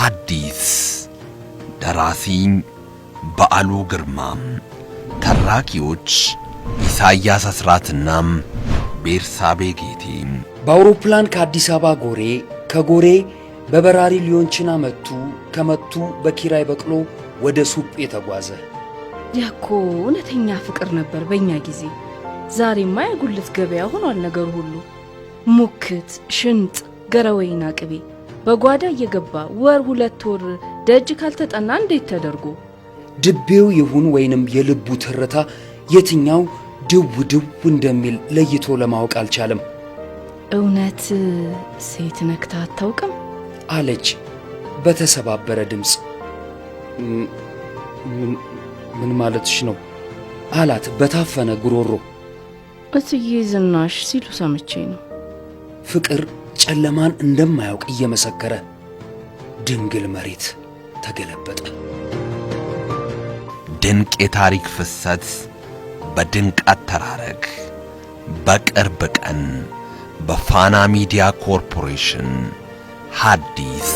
ሐዲስ ደራሲ በዓሉ ግርማ፣ ተራኪዎች ኢሳያስ አስራትናም ቤርሳቤ ጌቴ። በአውሮፕላን ከአዲስ አበባ ጎሬ፣ ከጎሬ በበራሪ ሊዮንችና መቱ፣ ከመቱ በኪራይ በቅሎ ወደ ሱቅ የተጓዘ። ያኮ እውነተኛ ፍቅር ነበር በእኛ ጊዜ። ዛሬማ የጉልት ገበያ ሆኗል ነገሩ ሁሉ ሙክት፣ ሽንጥ፣ ገረወይና ቅቤ በጓዳ እየገባ ወር ሁለት ወር ደጅ ካልተጠና እንዴት ተደርጎ ድቤው ይሁን ወይንም የልቡ ትርታ የትኛው ድው ድው እንደሚል ለይቶ ለማወቅ አልቻለም። እውነት ሴት ነክታ አታውቅም አለች በተሰባበረ ድምፅ። ምን ማለትሽ ነው አላት በታፈነ ጉሮሮ። እትዬ ዝናሽ ሲሉ ሰምቼ ነው ፍቅር ጨለማን እንደማያውቅ እየመሰከረ ድንግል መሬት ተገለበጠ። ድንቅ የታሪክ ፍሰት በድንቅ አተራረክ በቅርብ ቀን በፋና ሚዲያ ኮርፖሬሽን ሐዲስ